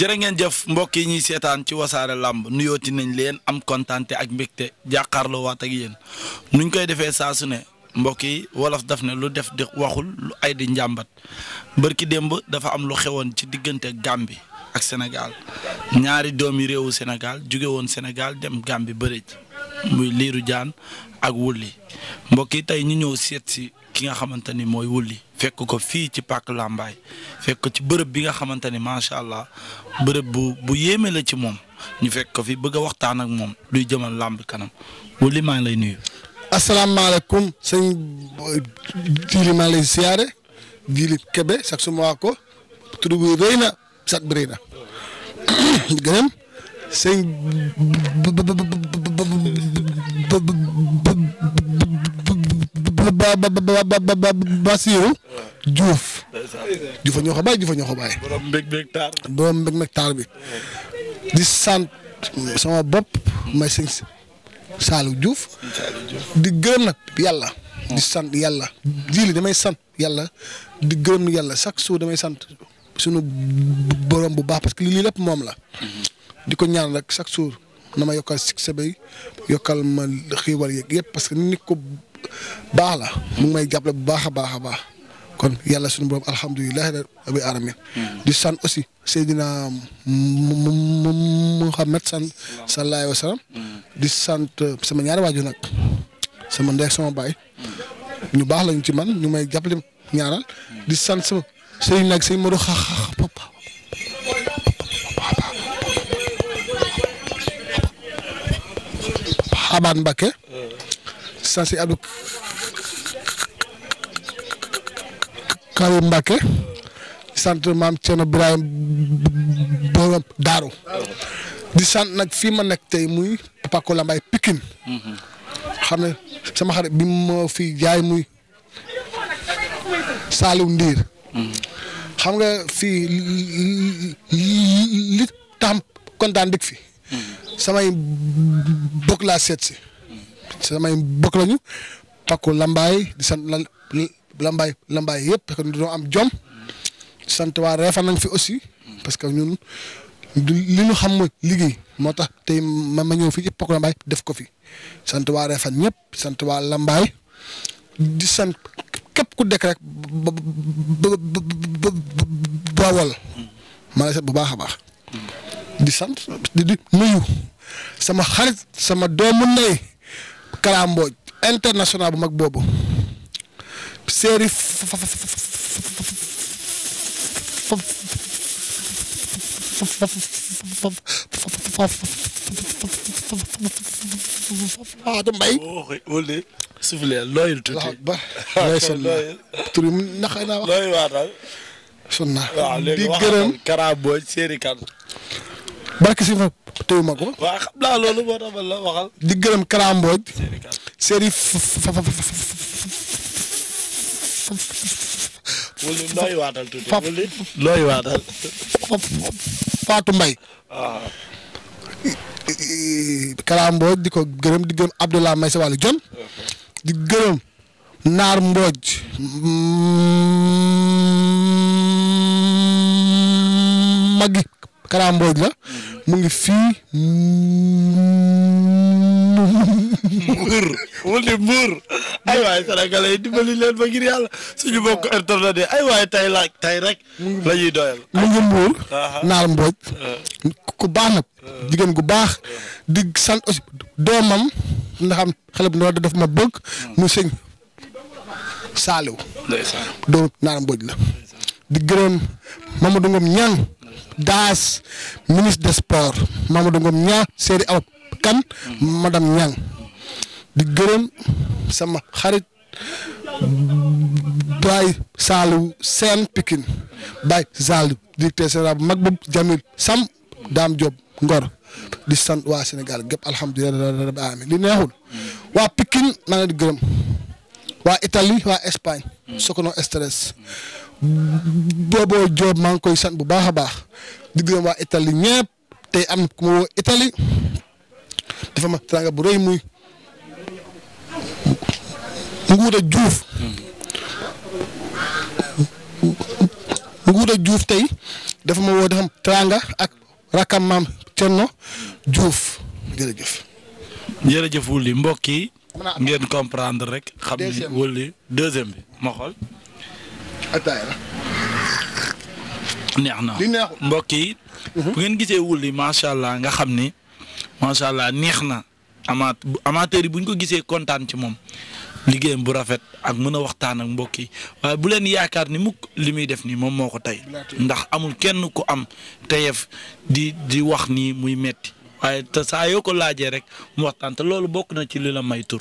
jërë ngeen jëf mbokk yi ñuy seetaan ci wasaare làmb nuyooti nañ leen am kontaante ak mbëgte jàkkaarloo waat ak yéen nuñ koy defee saasu ne mbokk yi wolof daf ne lu def di waxul lu ay di njàmbat bërki demb dafa am lu xewoon ci diggante Gambie ak Sénégal ñaari doomi réewu Sénégal jóge woon Sénégal dem Gambie bëri muy liiru jaan ak Wouly mbokk yi tey ñu ñëw seet si ki nga xamante ni mooy Wouly fekk ko fii ci pàkk làmbaay fekk ko ci bërëb bi nga xamante ni macha allah bërëb bu bu yéeme la ci moom ñu fekk ko fii bëgg waxtaan ak moom luy jëmal làmb kanam wala li maa ngi lay nuyu. asalaamaaleykum sëñ Djili maa lay siyaare Djili Kebe sax su ko tur bi rëy na sax bi na gërëm sëñ Basiru Diouf. Diouf a ñoo ko bàyyi Diouf a ñoo ko bàyyi. borom mbég mbég taar. bi. di sant sama bopp. may sëñ Saalum Diouf. di gërëm nag yàlla. di sant yàlla jiili damay sant yàlla di gërëm yàlla chaque jour damay sant sunu borom bu baax parce que lii lépp moom la. di ko ñaan rek chaque jour na ma yokkal succès bi yokkal ma xiiwal yeeg yëpp parce que nit ko baax la mu ngi may jàppale bu baax a baax a baax. kon yàlla suñu borom alhamdulilah rabbil alamin di sant aussi Seydina Muhammad sant sallallahu alayhi wa sallam di sant sama ñaari waajur nag sama ndeex sama baay ñu baax lañu ci man ñu may jàppale ñaanal di sant sama sëñ nag sëñ Modou xa xabaan Mbakke si Abdou Karim Mbacke sant maam Thierno Birahim borom Daaru di sant nag fii ma nekk tey muy Paco Lambaye Pikine xam ne sama xarit bi ma fi jaay muy Saliou Ndiir xam nga fii li tax kontaan dikk fi samay bokk laa seet si samay bokk lañu Paco Lambaye di sant lambaay lambaay yëpp parce que dañoo am jom sant waa reefan nañ fi aussi parce que ñun li ñu xam mooy liggéey moo tax tey ma ma ñëw fii ci Pok Lambaay def ko fi sant waa reefan ñëpp sant waa lambaay di sant képp ku dekk rek ba ba bu baax a baax di sant di di nuyu sama xarit sama doomu ndey Kara Mbodj international bu mag boobu seeri Fatou Mbaye. wala suuflee looyul tuuti. looy sunna tur yi naxay naa wax. looy waatal. sunna di gërëm Kara Mbodj Séeri Kan. barke si fa teewu ma ko. waaw xam naa loolu moo tax ma la waxal. di gërëm Kara Mbodj. Séeri Kan Séeri wuli mbay waatal di ko gërëm di gërëm Abdoulaye Mbaye sa wàllu di gërëm Naar Mbodj. Magi Kala la. mu ngi fii. mbuur wul ni mbuur ay waay sénégalais yi dimbali leen ba ngir yàlla suñu bokk internet yi ay waay tey laaj tey rek la ñuy doyal mu ngi mbooj uh-huh. ku baax nag jigéen gu baax uh-huh. di sant aussi doomam nga xam xale daf ma bëgg mu uh-huh. sëñ Saaliw doom naal mbooj la di gërëm Mamadou Ngom Niang daas ministre des sports Mamadou Ngom Niang séeri awat kan madame Niang di gërëm sama xarit Baye Saliou seen Pikine Baye Saliou directeur général bu mag boobu Jamil Sam Dame Diop Ngor di sant waa senegal gépp alhamdulilah rabbil alamin li neexul waa Pikine maa ngi di gërëm waa Italie waa Espagne sokono stress booboo Diop maa koy sant bu baax a baax di gërëm waa Italie ñëpp tey am ku woo Italie dafa ma teraanga bu rëy muy Nguuda Juuf. Nguuda Juuf tey dafa ma woo dafa teraanga ak rakam maam Cerno Juuf jërëjëf. jërëjëf Wouly mbokk yi ngeen comprendre rek. xam ni Wouly deuxième bi ma xool. attaaya la. neex na mbokk yi. bu ngeen gisee Wouly macha allah nga xam ni. macha allah neex na amaat amateur yi buñ ko gisee kontaan ci moom liggéeyam bu rafet ak mën a waxtaan ak mbokk yi waaye bu leen yaakaar ni mukk li muy def nii moom moo ko tey ndax amul kenn ku am teyef di di wax nii muy metti waaye te saa yoo ko laajee rek mu waxtaan te loolu bokk na ci li la may tur.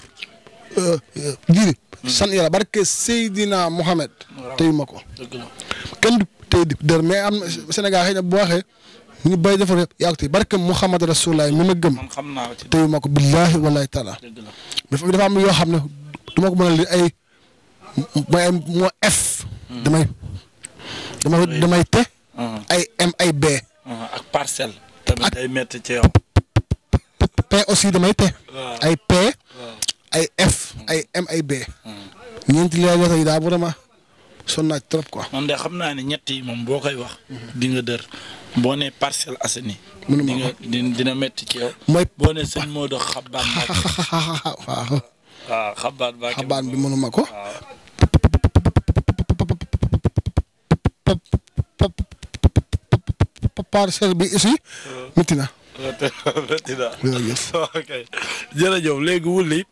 Euh, euh, jiri san yàlla barke Seydina Mohamed. tey ma ko. kenn du tey mais am Sénégal xëy na bu ñu bay defar yàggati barke Muhammad Rasulullah mi ma gëm. man xam naa ci teyu ma ko billaahi wallaahi taala. dafa am yoo xam ne du ma ko mën a li ay mooy F. Hmm. damay te. Hmm. ay M ay B. Hmm, ak parcelle. P aussi damay te. ay P. ay F ay M ay B. ñeenti lay wax yi daa vraiment. sonn naa trop quoi. man de xam naa ne ñetti moom boo koy wax. di nga dër boo nee Parcelles mënuma dina dina métti ci yow. mooy boo nee sëñ Modou xabaan. waaw. waaw xabaan baa xabaan bi mënuma ko. parcelle bi aussi euh. métti na. Euh, métti na jërëjëf léegi wulli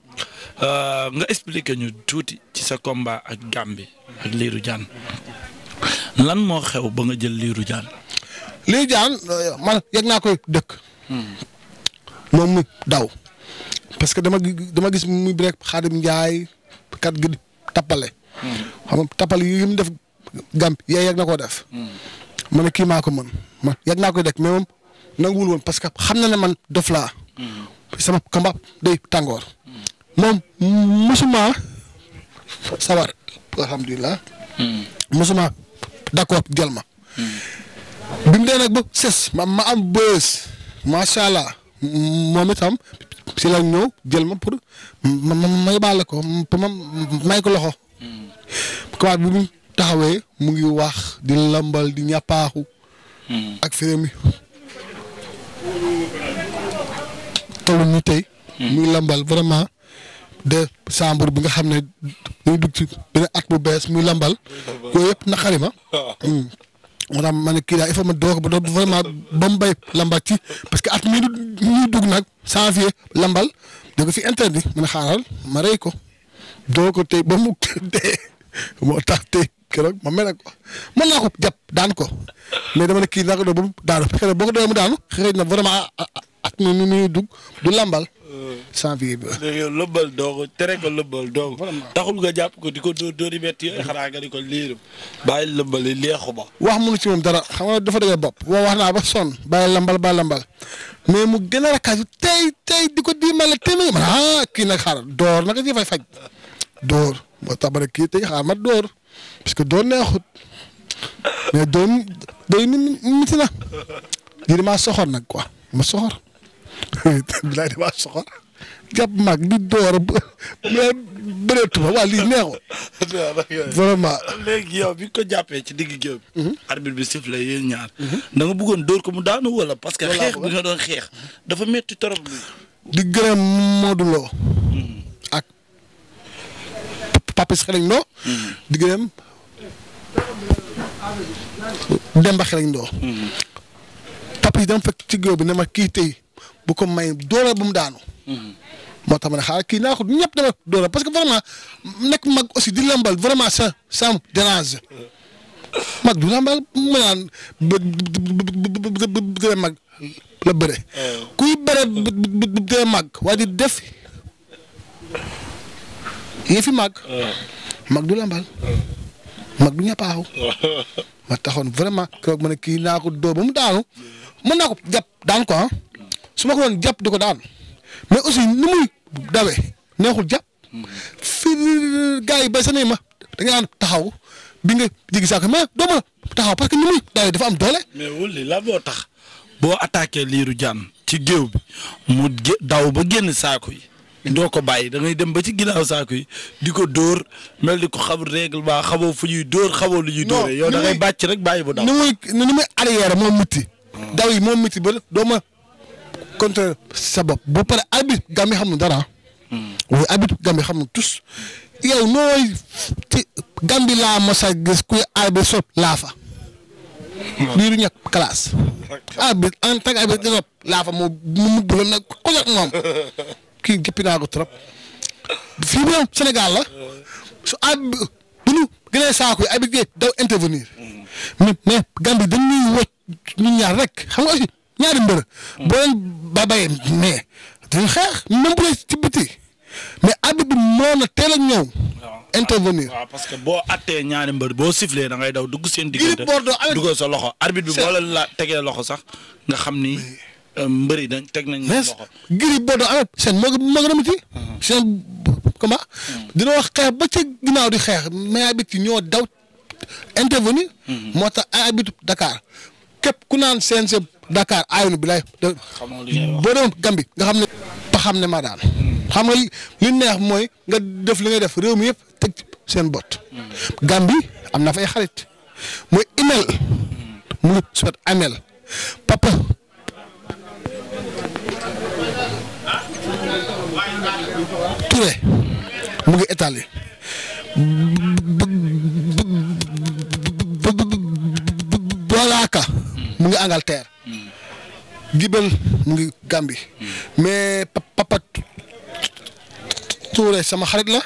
Euh, nga expliquer ñu tuuti ci sa combat ak Gambie ak Lirou Diane lan moo xew ba nga jël liiru Diane. Lirou Diane man yegg naa koy dëkk. moom mu daw parce que dama dama gis muy break Xaadim Njaay kat gi tappale. xam nga tappale yi mu def Gambie yee yegg na koo def. ma ne kii ko mën man yegg koy dëkk mais moom nanguwul woon parce que xam na ne man dof laa. Hmm. sama combat day tàngoor. moom musuma sawar alhamdulilah. Hmm. musuma d'accord jël ma. Hmm. bi mu dee nag ba ses ma am bës macha allah moom itam si la ñëw jël ma pour ma ma ko may ko loxo. Hmm. kawaat bu mu taxawee mu ngi wax di lambal di ñàppaaxu ak fere mi toll ñu tey. mu ngi lambal vraiment. décembre bi nga xam ne muy dugg ci beneen at bu bees muy lambal yooyu yëpp naqari ma maanaam hmm. ma ne kii daal il faut ma ba doog ba mu béy lambal ci parce que at mii dugg nag janvier lambal da ko fi interdit ma ne ma rey ko doo ko tey ba mu dee moo tax tey keroog ma mel ko mën naa ko jàpp daan ko mais dama ne kii naa ko ba mu daanu parce que boo ko mu daanu xëy na vraiment at du lambal. janvier bi. léegi yow lëbbal doogu tere ko lëbbal doogu. taxul nga jàpp ko di ko dóor dóori metti yooyu xanaa nga di ko liirum bàyyi lëbbal yi leexu ba. wax mënu ci moom dara xam nga dafa dëgg bopp. waaw wax naa ba sonn bàyyi lambal bàyyi lambal mais mu gën a rakkaaju tey tey di ko diimale téeméer man ah kii nag xaar door naka i fay faj. door moo tax ba ne kii tey xaar ma door parce que door neexut mais doon day nit nit na lii soxor nag quoi ma soxor. bilaay damaa soxor jàpp mag di door mais bëreetu ma waa lii neexul. vraiment. léegi yow bi ko jàppee ci digg géew bi. Mhm. arbitre bi siffle yéen ñaar. Mhm. da nga bëggoon dóor ko mu daanu wala parce que. xeex bi nga doon xeex. dafa métti torop di gërëm Modou Lo. Mhm. ak Papis Xereñ Lo. di gërëm Demba Xereñ Lo. Papis dama fekk ci géew bi ne ma kii tey. bu ko may doole bu mu daanu. moo tax ma ne kii naa ko ñëpp dama parce que vraiment nekk mag aussi di lambal vraiment ça mag du lambal ma naan ba ba mag la bëre. kuy bëre ba mag fi mag. mag du lambal. mag du ñàppaaw. ma taxoon vraiment keroog ma kii naa ko doo ba mu daanu mën naa ko jàpp daan ko ah. su ma ko doon jàpp di ko daan mais aussi ni muy dawee neexul jàpp fii gars yi bay sa ma da nga taxaw bi nga jigi saako mais doo taxaw parce que ni muy dafa am doole. mais wulli la boo tax boo attaqué liiru jaan ci géew bi mu daw ba génn saako yi. doo ko bàyyi da ngay dem ba ci ginnaaw saako yi di ko dóor mel ni ko xamul règlement xamoo fu ñuy dóor xamoo lu ñuy dóoree. yow da ngay bàcc rek bàyyi bu daw. ni muy ni muy arrière moo mutti. daw yi moo mutti ba doo ma contre sa bopp bu pare arbitre Gambie xamul dara. waaye hmm. arbitre Gambie xamul tous yow nooy ci Gambie laa mos a gis kuy arbitre sop laa fa. Hmm. lii du ñàkk classe. Hmm. en tant que laa fa moo mu nag ku nekk moom kii jëppi naa ko trop fii bu Sénégal la su arbitre bu ñu gënee saako yi arbitre daw intervenir mais mais Gambie dañuy wëcc ñu ñaar rek xam nga aussi. ñaari mbër. Mm. boo leen ba bayee mais dañuy xeex même bu dee ci biti mais arbitre bi moo na teel a ñëw. intervenir waaw parce que boo attee ñaari mbër boo sifflee da ngay daw dugg seen. diggante duggal sa loxo arbitre bi boo la tegee loxo sax nga xam ni. Euh, mbër yi dañ teg nañ. loxo Gris Bordeaux amet seen moo moo gën a wax xeex ba ginnaaw di xeex mais arbitre ci ñoo daw intervenir. Mm-hmm. moo tax ay arbitre Dakar képp ku naan seen seen Dakar aayunu bi laay. boo demoon Gàmbi nga xam ne ba xam ne ma daan. Hmm. xam nga li neex mooy nga def li ngay def réew mi yëpp teg seen bot. Hmm. Gàmbi am na fa ay xarit mooy Imel. Hmm. mu ngi suwet Amel papa. Touré mu ngi étalé mu ngi Angleterre Dibel mu ngi Gambie mais Papa Touré sama xarit la.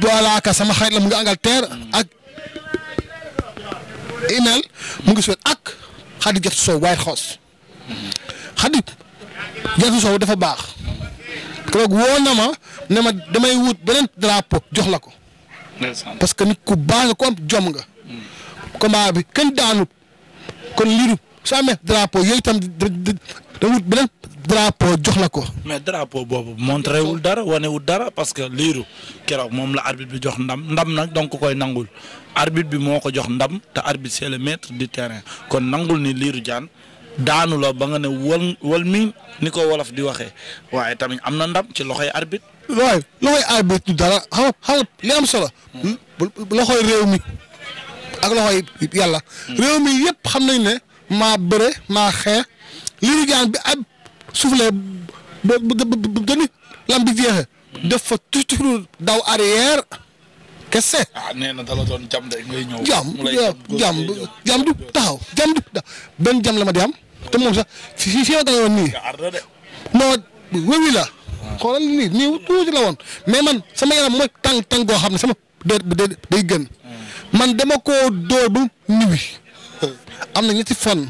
Balaaka sama xarit la mu ngi Angleterre ak Inel mu ngi Suède ak Khady Diatou Sow White House Khady Diatou dafa baax keroog woo na ma ne ma damay wut beneen drapeau jox la ko. parce que nit ku baax nga ko am jom nga. Mm. combat bi kenn daanut. kon liiru su amee drapeau yooyu tam da wut beneen drapeau jox la ko. mais drapeau boobu montré wul dara wane wul dara parce que liiru keroog moom la arbitre bi jox ndam ndam nag donc koy nangul arbitre bi moo ko jox ndam te arbitre c'est le maître du terrain kon nangul ni liiru jaan daanuloo ba nga ne wal wal mi ni ko wolof di waxee waaye tamit am na ndam ci loxoy arbitre. waaye loxoy arbitre dara xam xam li am solo. Hmm? loxoy réew mi. ak loxo yi yàlla. mi yëpp xam nañ ne maa bëre maa xeex li ñu jaan bi ab soufflé ba ba ba lam bi jeexee def fa toujours daw arrière kese. Ah, na dala doon jam de ñëw. jam jam jam du taxaw jam du taxaw jam la ma di am te moom sax fii fii ma tane nii. non wéwi la. xoolal nii nii tuuti la woon mais man sama yaram mooy tàng tàng goo xam ne sama day day gën. man dama koo dóor ba nuwi am na ñetti fan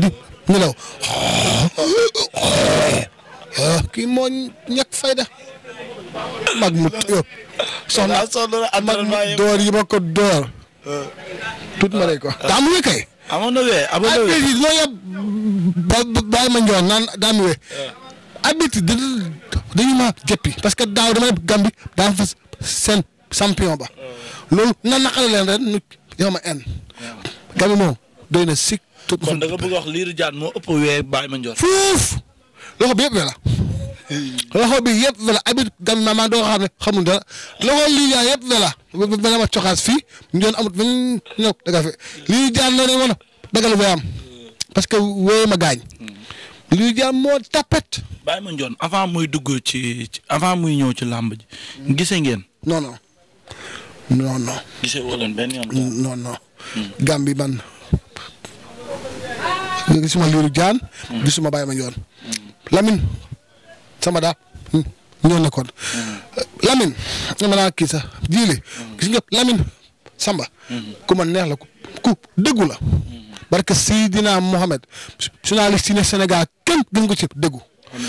di nelaw kii moo ñàkk fayda mag mu soxna mag mu dóor yi ma ko dóor tuut ma lay ko daa mu kay amoon na wee amoon na wee arbitre loo yab bàyyi ma njoon parce que daaw dama ne Gambie daa fas seen champion ba loolu na naqare leen ren nu yow ma en. gami moom doy na sikk. tout kon da nga bëgg wax moo ëpp wee Baye Mandione. fuuf loxo bi yëpp la. loxo bi yëpp la abit gan na maa doo xam ne xamul dara loxo Lirou Diane yëpp la ba dama coxaas fii Ndiol amut ba ñu ñëw daga fi Lirou la ne am parce que wee ma gaañ. Lirou Diane moo tapet. Baye Mandione avant muy dugg ci avant muy ñëw ci làmb ji. gisee ngeen. non non. non non. gisee woo leen benn yoon. non non. Gambie man gisuma Lirou Diane. gisuma Baye Mandione. Lamine sama daal ñoo nekkoon. Lamine dama naa kii sax jiile. gis la ku dëggu la. parce que Seydina Mohamed journaliste yi ne Sénégal kenn gën ko ci dëggu.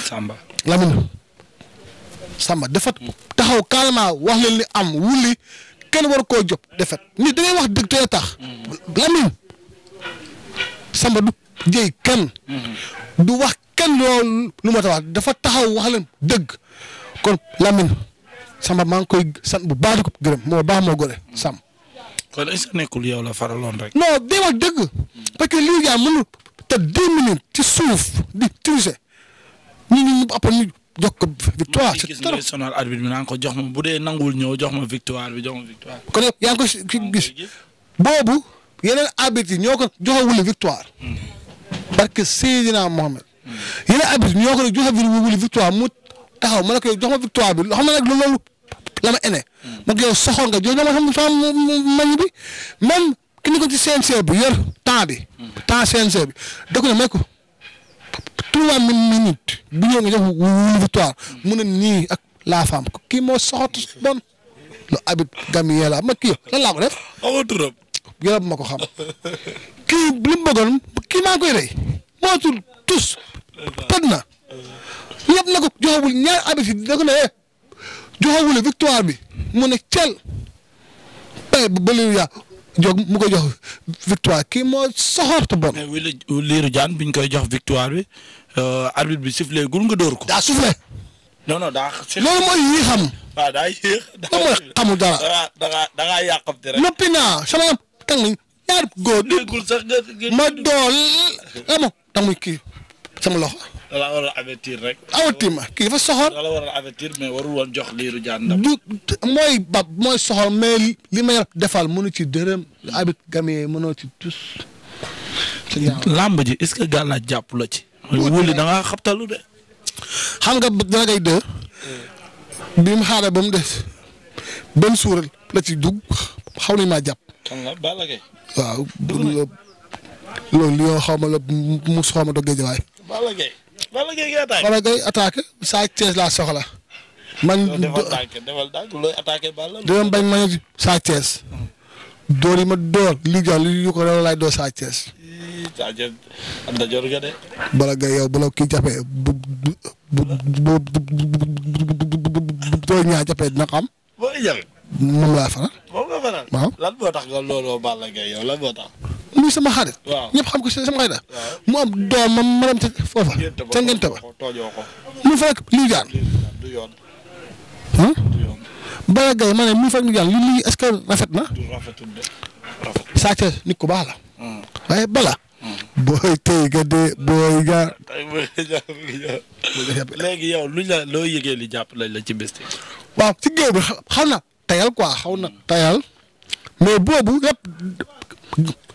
Samba Lamine Samba dafa taxaw carrément wax leen li am wuli kenn war koo jóg defet nit da ngay dëgg te tax. Lamine Samba du jëy kenn. du wax kenn loolu lu ma ta wax dafa taxaw wax leen dëgg kon Lamine Samba maa koy sant bu baax di ko gërëm moo baax moo gole Sam. kon est-ce que nekkul yow la faraloon rek. non day wax dëgg parce que lii yaa mënul suuf di tricher ñu ñu après ñu. jox ko victoire. c' est trop sonal arbitre bi naan ko jox ma bu dee nanguwul ñëw jox ma victoire bi jox ma victoire. kon yaa ko si gis boobu yeneen arbitre yi ñoo ko joxewul victoire. parce hmm. que Seydina Mohamed. yeneen arbitre ñoo ko joxewul victoire mu taxaw ma ne ko jox ma victoire bi loo xam ne nag loolu la ma ene. Hmm. ma ko yow soxor nga jox ma xam mañ bi même ki ñu ko ci CNG bi yor temps bi. Hmm. temps CNG bi dëkk na may ko. trois minutes bu ñëwee nga victoire mu nii ak la femme kii moo soxot bon lu Habib Gamiela ma kii lan laa ko def. amul bu ma ko xam kii li mu bëggoon kii maa koy rey mootul tus tëdd na yëpp na ko joxawul ñaar Habib si dina ko ne eh, joxawul victoire bi mu ne cel tey ba jóg mu ko jox victoire kii moo soxortu bon. mais Lirou biñ koy jox victoire bi euh, arbitre bi sifflé gul nga dóor ko. daa soufflé. non non daa. loolu mooy yii xam. waaw daa yéex. daa mooy xamul dara. da naa sama tàng nañ ñaar góor. dégg sax nga ma dool ama tamuy kii sama loxo. la war a rek. avertir ma kii dafa soxor. la war a jox liiru jaan ndam. du mooy ba defal mënu ci dërëm. abit gamee mënoo ci tus. làmb ji est-ce que gàllaaj jàpp la ci. wuli da ngaa de. xam nga dana koy dë. bi mu xaaree ba mu des. benn suural la ci dugg xaw nañ maa jàpp. xam nga xaw ma la mu xaw doggee jawaay. Balla Gaye ngay attaqué Balla Gaye attaqué Sa Thiès laa soxla. man defal tànk defal tànk looy attaqué Balla. dinañ bañ ma ne Sa Thiès. door yi ma door li jox li yu ko loolu laay door Sa Thiès. Sa Thiès am na jor nga de. Balla Gaye yow bu la kii jàppee bu bu bu bu bu boo ñaa jàppee dina xam. boo ñaa moom laa faral. moom nga faral. waaw lan moo tax nga looloo Balla Gaye yow lan moo tax. muy sama xarit. waaw ñëpp xam ko si sama xarit mu am doomam ma dem ca foofa. ca ngente ba mu fa rek liy jaan. Balla Gaye ne mu fa rek liy jaan lii est que rafet na. saa ca nit ku baax la. Hmm. waaye bala. Hmm. booy tey nga dee booy jaar. léegi yow luñ la loo yëgee li jàpp lañ la ci bés. waaw ci géew bi xaw na tayal quoi xaw na tayal mais boobu yëpp.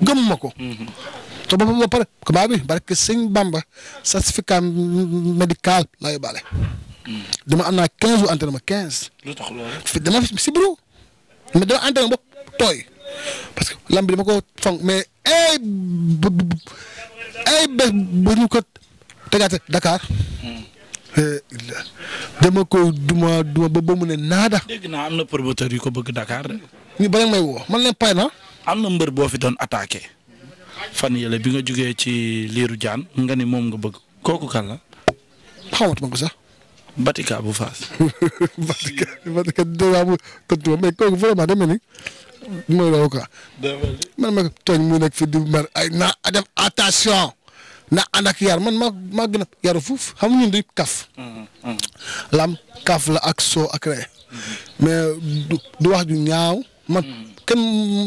gëm ma ko. Mhm. te ba ba pare combat bi barke Bamba certificat médical laa yóbbaale. Mhm. dama am naa quinze jours entraînement quinze. lu tax loolu dama fi si bureau mais dama entraînement bopp tooy parce que lamb bi dama ko fonk mais ay bu ay bés mhm. eh, duma duma ba mu ne naada. dégg naa am bëgg Dakar na. am na mbër boo fi doon attaqué fan yële bi nga jugee ci liiru jaan nga ni moom nga bëgg kooku kan la. xamatuma ko sax. Batika bu Faas. Batika Batika dèjà bu tëntu mais kooku vraiment dama ni mooy loolu ma tooñ mu nekk fi di mer ay na def na ànd ak yar man maa maa gën a yaru fuuf xam ñun di kaf. Mm-hmm. lam kaf la ak soo ak ree mm-hmm. mais du wax ju ñaaw man. Mm-hmm. kenn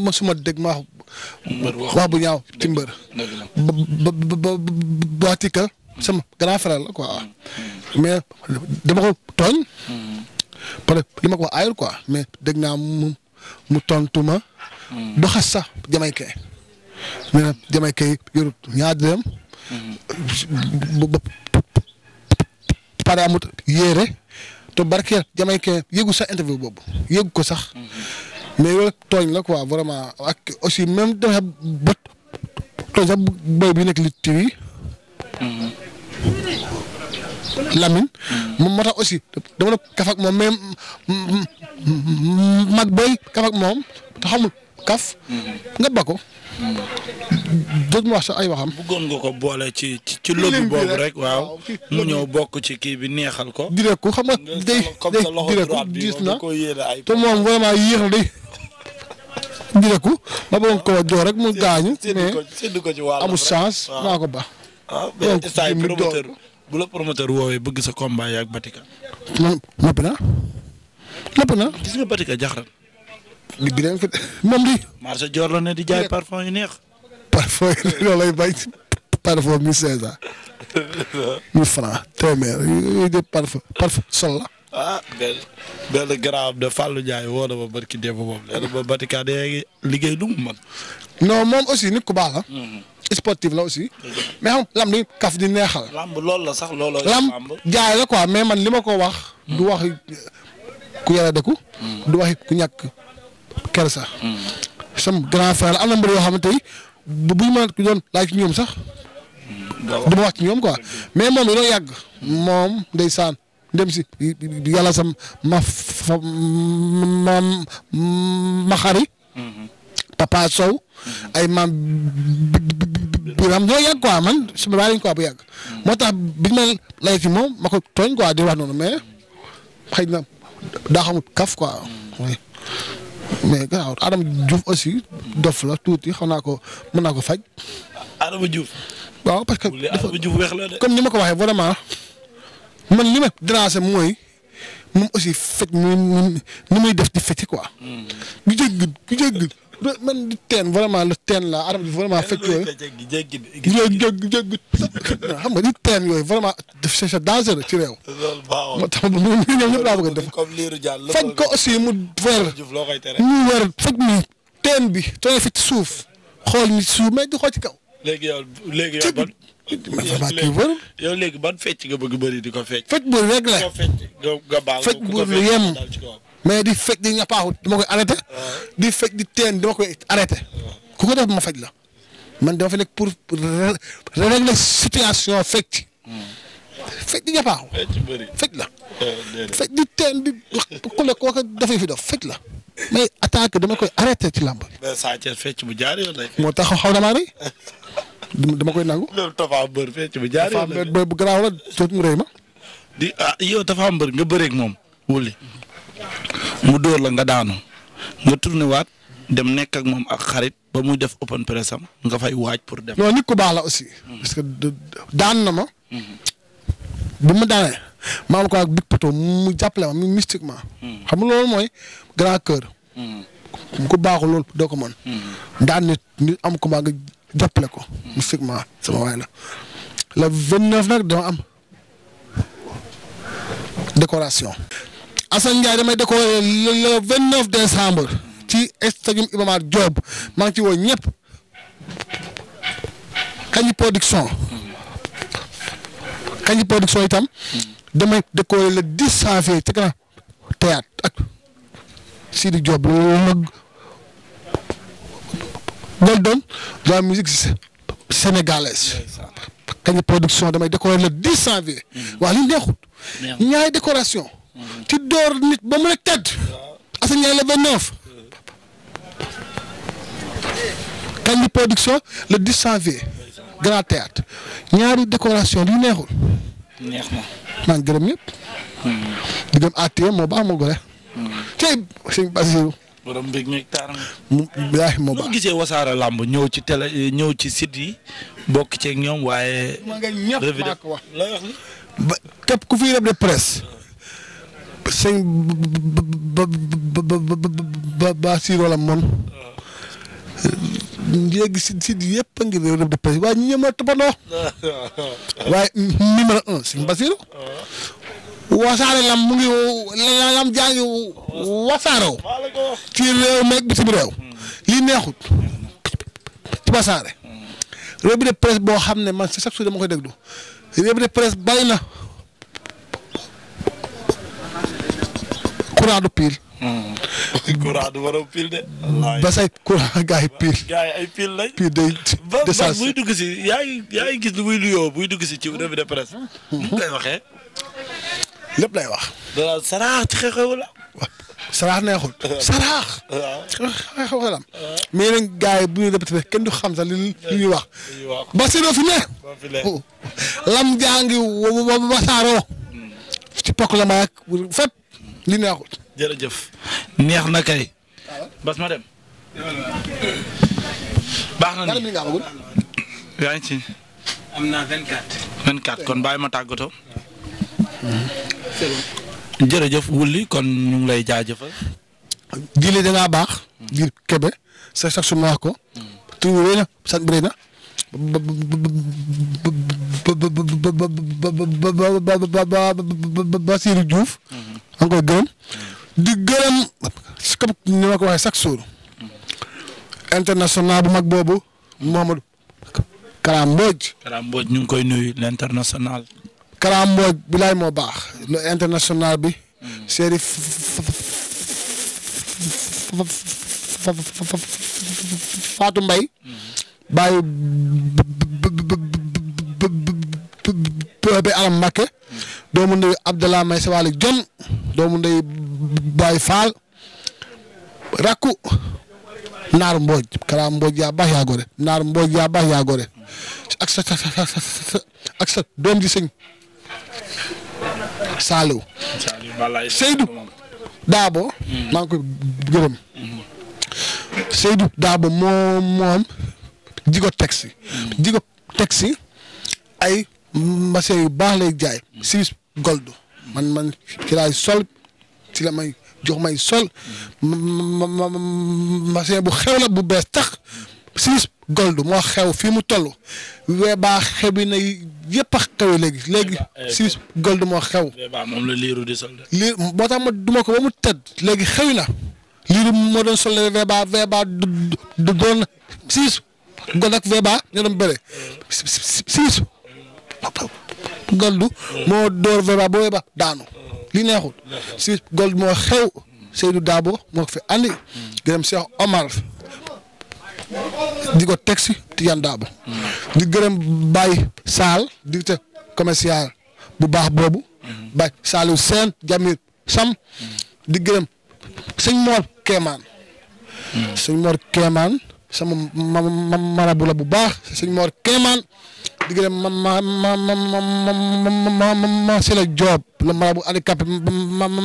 mësuma dégg ma wax. bu ñaaw ci mbër. ba ba ba ba tikal hmm. sama grand frère la quoi. Hmm. mais dama ko tooñ. Hmm. parce li ma ko wax aayul quoi mais dégg naa mu mu tontu ma. xas sax jamaïcain. mais nag jamaïcain yorut ñaar dërëm. pare amut yéere te barkeel jamaïcain yéegu sax interview boobu yéegu ko sax. mais loolu tooñ la quoi vraiment ak aussi même dafa bët tooñ sax boy bi nekk li tiwi Lamine. moo tax aussi dama la kaf ak moom mais mag boy kaf ak moom te xamul kaf. nga ba ko. dëgg wax sax ay waxam. bëggoon nga ko boole ci ci lobby boobu rek. waaw mu ñëw bokk ci kii bi neexal ko. di rek ko xam nga day day di rek ko diis na te moom vraiment yéex na day di ko ma bëggoon koo jox rek mu gaañu. mais amul chance naa ko ba. donc promoteur bu la promoteur woowee bëgg sa combat yaak Batika. noppi na noppi na. ligg leen ko moom di. marché la ne di jaay parfum yu neex. parfum yi loolay bay parfum mille cinq cent. mille franc téeméer yooyu de de Fallou Ndiaye woo na liggéey lu mu mën. non moom aussi nit ku baax la. Mm-hmm. sportif la aussi. Mm-hmm. mais xam lam di kaf di neexal. lamb loolu sax looloo. lamb jaay la quoi mais man li ma ko wax. du mm-hmm. wax ku yara dëkku. du wax ku ñàkk. kersa. sam grand frère am na mbir yoo xam ne tey bu buñ ma doon laaj ñoom sax. du ma wax ci ñoom ko mais moom dañoo yàgg moom saan dem si yàlla sam ma fa ma ma xari mhm. papa Sow mhm. ay maam biram ñoo yàgg quoi man sama baay lañ quoi bu yàgg. Mhm. moo tax biñ ma lay ci moom ma ko tooñ quoi di wax noonu mais xëy na daa xamut kaf quoi. mais garaawul Adama Diouf aussi dof la tuuti xaw naa ko mën naa ko faj. Adama Diouf. waaw parce que Adama weex la comme ni ma ko waxee vraiment man li ma mu mooy moom aussi fecc mu ni muy def di fecc quoi. gu hmm. jéggi gu jéggi. man teen vraiment lu teen la arab bi vraiment fekk yooyu jéggi jéggi xam nga di teen yooyu vraiment def c'est dangereux ci réew moo tax ñoom ñëpp laa bëgg a def faj ko aussi mu weer ñu weer faj mi teen bi tooy fi suuf xool ñu ci suuf mais di xool ci kaw léegi yow léegi yow ban yow léegi ban fecc nga bëgg bëri di ko fecc fecc bu rek la fecc bu yem mais di fekk di ñappaaxut dama koy arrêté. di fekk di teen dama koy arrêté. ku ko def ma faj la. man dama fi nekk pour régler situation fekk. Hmm. fekk di ñappaaxu. fekk la. fekk di teen di ku ne kooku dafay fi dof fekk la. mais attaque dama koy arrêté ci làmb bi. fecc bu jaar yoon moo tax xaw damaa rëy dama koy nangu. loolu Tapha Mbeur fecc bu jaar yoon bu garaaw la dootuñu rëy ma. di ah yow Tapha Mbeur nga bëreek moom wulli mu dóor la nga daanu nga tourné waat dem nekk ak moom ak xarit ba mu def open press nga fay waaj pour dem. non nit ku baax la aussi. Hmm. parce que daan na ma. Hmm. bu ma daanee ma am ko ak big poto mu jàppale ma mystiquement. Hmm. xam nga loolu mooy grand cœur. mu ko baaxul loolu doo ko nit nit am ko maa nga jàppale ko. mystiquement sama waay la. le vingt neuf nag dama am décoration. Assane Ndiaye damay décorer le vingt neuf ci stadium Iba Mar Diop maa ngi ci woo ñëpp kañi production kañi production itam damay décorer le dix janvier ci grand théâtre ak Sidi Diop mag Golden la musique sénégalaise kañi production damay décorer le dix janvier mm. waa li neexut ñaari décoration ci door nit ba mu la tedd Assane Ndiaye le 29. Kandi production le 10 janvier. grand théâtre ñaari décoration yu neexul. neex na maa ngi gërëm ñëpp. Hmm. di gërëm moo baax moo gore. Hmm. tey sëñ Basiru. borom mbég mu bilaahi moo baax. gisee ñëw ci télé ñëw ci site yi bokk ceeg ñoom waaye. ma nga ku fi rëbb de presse. sëñ Bassirou la moom léegi si si yëpp a ngi réew def de waaye ñu ñëw a toppandoo waaye numéro un sëñ Bassirou wasaare lam mu ngi lam jaa ngi wasaaroo ci réew meeg bitim réew lii neexut ci wasaare revue de presse boo xam ne man si chaque jour dama koy déglu revue de presse bari na courant du pile. Hmm. courant du war a pile de. ba say courant gars yi pile. gars yi ay pile lañ. pile day décharge buy dugg si yaa ngi yaa ngi gis lu muy nuyoo buy dugg si ci revue de presse. mu hmm. koy waxee. lépp lay wax. dara saraax ci xew-xew la. saraax neexul. saraax. xew-xew la am. mais nag gars yi bu ñu répété kenn du xam sax li ñuy wax. ba si doo fi ne. Oh. lam jaa ngi wasaaroo. Hmm. ci pokk la ma ak fépp. li neexul. jërëjëf neex na kay. bas ma dem. baax na ni yaa ngi ci. am na 24. 24 kon bàyyi ma tàggatoo. jërëjëf wulli kon ñu ngi lay jaajëfal. di li dangaa baax. di Kébé sa sax su ma wax ko. tur bi na sax bëri na. Basirou Diouf. ma koy gërëm di gërëm comme ni ma ko waxee chaque jour international bu mag boobu Mohamadou Kara Mbodj. Kara Mbodj ñu ngi koy nuyu l' international. Kara Mbodj bi laay moo baax le international bi. Serigne Fatou Mbaye. bàyyi ba ba ba ba ba ba alam Mbacké doomu ndeyu Abdallah May Sawali Jon doomu ndeyu Baay Faal rakku naar mbooj kala mbooj yaa baax yaa gore naar mbooj yaa baax yaa gore ak sa ak sa doom ji sëñ Saaliw Seydou Daabo maa koy gërëm Seydou Daabo moom moom jigo taxi mm. jigo taxi ay machine yu baax lay jaay service gold man man ci laay sol ci la may jox may sol ma machine bu xew la bu bees tax siis gold moo xew fii mu toll wee baa xewi na yëpp a xewi léegi léegi eh, siis gold moo xew. moom la liiru moo tax ma duma ko ba mu tëdd léegi xewi na liiru moo doon sol wee baa wee du du doon siis gold ak wee ñoo doon bëre Goldu moo door Weba ba daanu li neexul si Gold moo xew Seydou Dabo moo ko andi gërëm Cheikh Omar di ko teg si Tidiane Dabo di gërëm Baye Sall di te commercial bu baax boobu Baye Saliou Sène Jamil Sam di gërëm sëñ Mor Kéemaan sëñ Mor Kéemaan sama ma la bu baax sëñ Mor Kéemaan di gërëm ma ma ma ma ma ma Masila Diop la marabu handicapé ma ma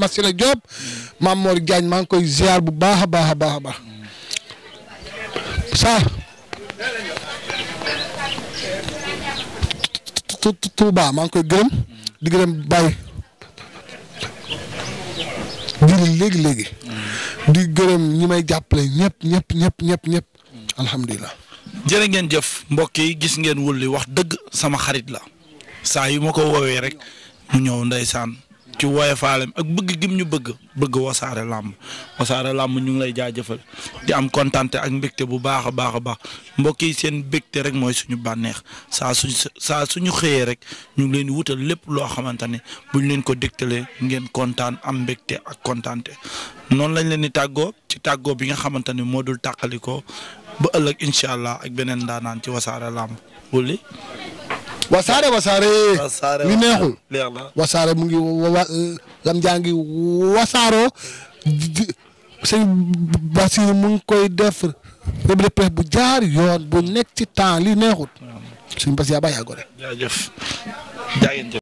Masila Diop maam Mor Diagne maa ngi koy ziar bu baax a baax a baax a baax saa Touba maa ngi koy gërëm di gërëm Baye di léegi léegi di gërëm ñi may jàppale ñëpp ñëpp ñëpp ñëpp ñëpp alhamdulilah. jërë ngeen jëf mbokk yi gis ngeen wulli wax dëgg sama xarit la saa yu ma ko woowee rek mu ñëw ndeysaan ci wooye faalem ak bëgg gim ñu bëgg bëgg wasaare làmb wasaare làmb ñu ngi lay jaajëfal di am kontante ak mbégte bu baax a baax a baax mbokk yi seen mbégte rek mooy suñu bànneex saa suñ saa suñu xëyee rek ñu ngi leen di wutal lépp loo xamante ne buñ leen ko dégtalee ngeen kontaan am mbégte ak kontante noonu lañ leen di tàggoo ci tàggoo bi nga xamante ne moo dul tàqalikoo ba ëllëg incha allah ak beneen daanaan ci wasaare làmb wulli wasaare wasaare. wasaare mi neexul. wasaare mu ngi wa lam jaa ngi wasaaroo sëñ Basiir mu ngi koy def revue de bu jaar yoon bu nekk ci temps li neexut. sëñ Basiir yaa yaa gore.